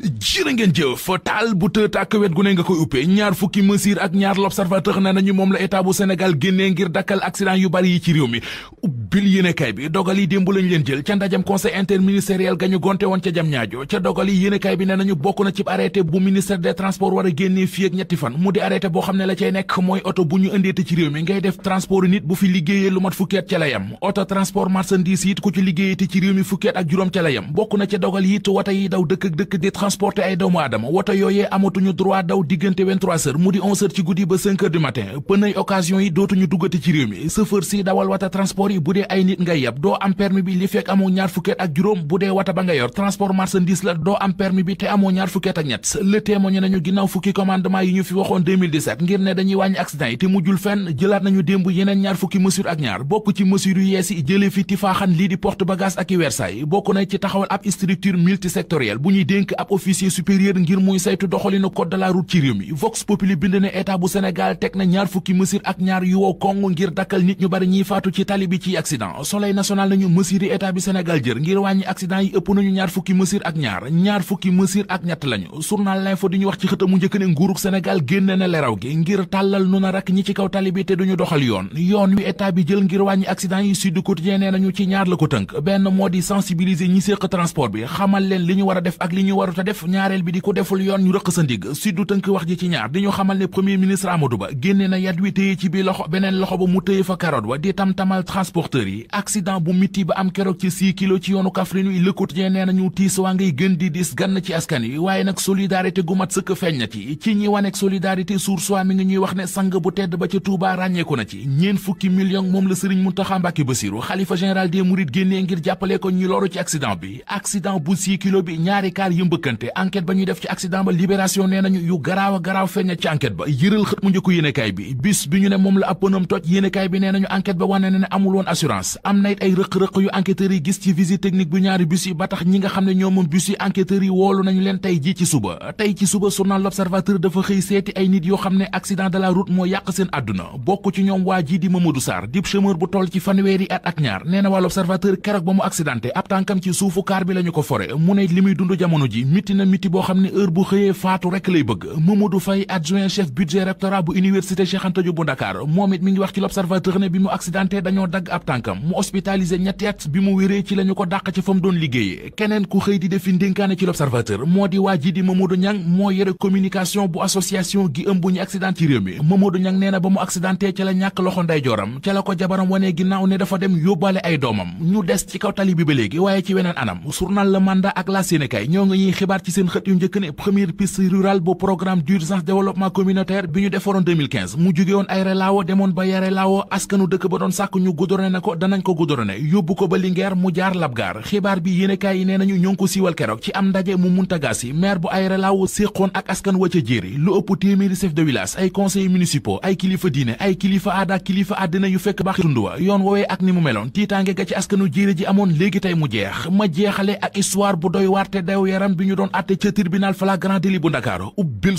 jërë ngeen foo taal bu tëë tàkk wet gu ne nga koy uppee ñaar fukki mesure ak ñaar l'observateur ne nañu moom la état bu senegal génnee ngir dakkal accident yu bari yi ci réew mi ubbil yéenekaay bi dogal yi démb lañ leen jël ca ndajam conseil interministériel ga ñu gonte woon ca jam ñaajo ca dogal yi yéenekaay bi ne nañu bokk na ci arrêté bu ministère des transports war a génnee fii ñetti fan mu di arrêté boo xam ne la cay nekk mooy oto bu ñu indeete ci réew mi ngay def transport nit bu fi liggéeyee lu mat fukkeet ca la oto transport marchandise it ku ci liggéeyete ci réew mi fukkeet ak juróom ca la bokk na ca dogal dee ay nit nga yeb doo am permis bi li fekk amoo ñaar fukkeet ak juróom bu dee wata ba nga yor transport marchandise la doo am permis bi te amoo ñaar fukkeet ak ñett le témoigné nañu ginnaaw fukki commandement yi ñu fi waxoon ngir ne dañuy wàññi accident yi te mujjul fenn jëlaat nañu démb yeneen ñaar fukki mesure ak ñaar bokk ci mesure yu yees yi fi tifaaxan lii di porte bagage ak i Versailles bokk na ci taxawal ab structure multisectorielle bu ñuy dénk accident soleil national nañu mesures yi bi Sénégal jër ngir wàññi accident yi ëpp nañu ñaar fukki mesures ak ñaar ñaar fukki mesures ak ñett lañu journal l'info di ñu wax ci xët njëkk ne nguurug Sénégal génne na leraw gi ngir tàllal nu na rak ñi ci kaw tali bi te duñu doxal yoon yoon wi état bi jël ngir wàññi accident yi Sud Quotidien nee nañu ci ñaar la ko tënk benn moo di sensibiliser ñi séq transport bi xamal leen li ñu war a def ak li ñu warut def chauffeur yi accident bu miti ba am keroog ci 6 kilo ci yoonu Kaffrine wi Le nee nañu tiis waa ngay gën di dis gann ci askan waaye nag solidarité gu mat sëkk feeñ na ci ci ñi waneeg solidarité source waa mi ngi ñuy wax ne sang bu tedd ba ca Touba ràññeeku na ci ñeen fukki million moom la Serigne Mountakha Mbacké Bassirou xalifa général des Mourides génnee ngir jàppale ñu loru ci accident bi accident bu 6 kilo bi ñaari kaar yëmbëkkante enquête ba ñuy def ci a assurance am na it ay rëq-rëq yu enquêteurs yi gis ci visite technique bu ñaari bus ba tax ñi nga xam ne ñoo moom bus yi woolu nañu leen tey ji ci suba tey ci suba journal l'observateur dafa xëy seeti ay nit yoo xam ne accident de la moo yàq seen àdduna bokk ci ñoom waa ji di Mamadou Sarr dib chômeur bu toll ci fanweeri at ak ñaar nee na waa l'observateur keroog ba mu accidenté ab tànkam ci suufu kaar bi la ko fore mu ne li muy dund jamono ji miti tànkam mu hospitalisé ñetti at bi mu wéree ci la ko dàq ci fa mu doon liggéeye keneen ku xëy di defi ndénkaane ci l'observateur moo di waa ji di Mamadou Niang moo yore communication bu association gi ëmb ñu accident ci réew mi Mamadou Niang nee na ba mu accidenté ca la ñàkk loxo ndeyjooram ca la ko jabaram wanee ginnaaw ne dafa dem yóbbaale ay doomam ñu des ci kaw tali ba léegi waaye ci weneen anam journal Le Mandat ak la Sénégal ñoo ngi ñuy xibaar ko danañ ko goudronné yóbbu ko ba Linguère mu jaar Labgar xibaar bi yéenekaay yi nee nañu ñoo ngi ko siiwal keroog ci am ndaje mu Mountaga Sy maire bu Aéré Lao séqoon ak askan wa ca jéeri lu ëpp téeméeri chef de village ay conseillers municipaux ay kilifa diine ay kilifa aada kilifa àddina yu fekk baax tund wa yoon woowee ak ni mu meloon tiitaange ga ci askanu jéeri ji amoon léegi tey mu jeex ma jeexale ak histoire bu doy waar te yaram bi ñu doon atte ca tribunal flagrant délit bu Ndakaaru ubbil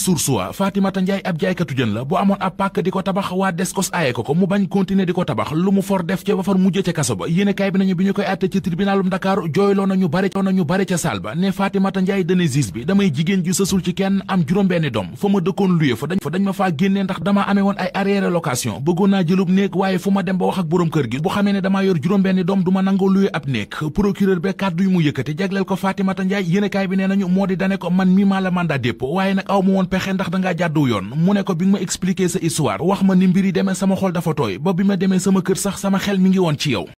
la bu amoon ab pàkk di ko tabax waa far ca kaso ba yéene bi nañu bi ñu koy àtte ci tribunalum Dakar jooyloo nañu bare ca saal ba ne Fatimata Njaay dane gis bi damay jigéen ju sësul ci kenn am juróom-benn doom fa ma dëkkoon luye fa dañ fa dañ ma faa génnee ndax damaa amee woon ay arrière location bëggoon naa jëlub néeg waaye fu ma dem ba wax ak borom kër gi bu xamee ne damaa yor juróom-benn doom du nangoo luye ab néeg procureur be kàddu yu mu yëkkati jagleel ko Fatimata Njaay yéene kaay bi nee nañu wax ma ni mbiri sama xol dafa tooy ba bi ma demee sama kër sax sama xel mi woon ci yow